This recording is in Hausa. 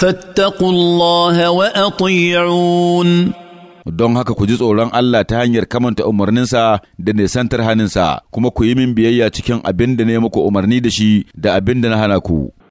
فاتقوا الله وأطيعون don haka ku ji tsoron Allah ta hanyar kamanta umarninsa da nisantar haninsa kuma ku yi min biyayya cikin abin da ne muku umarni da shi da abin da na hana ku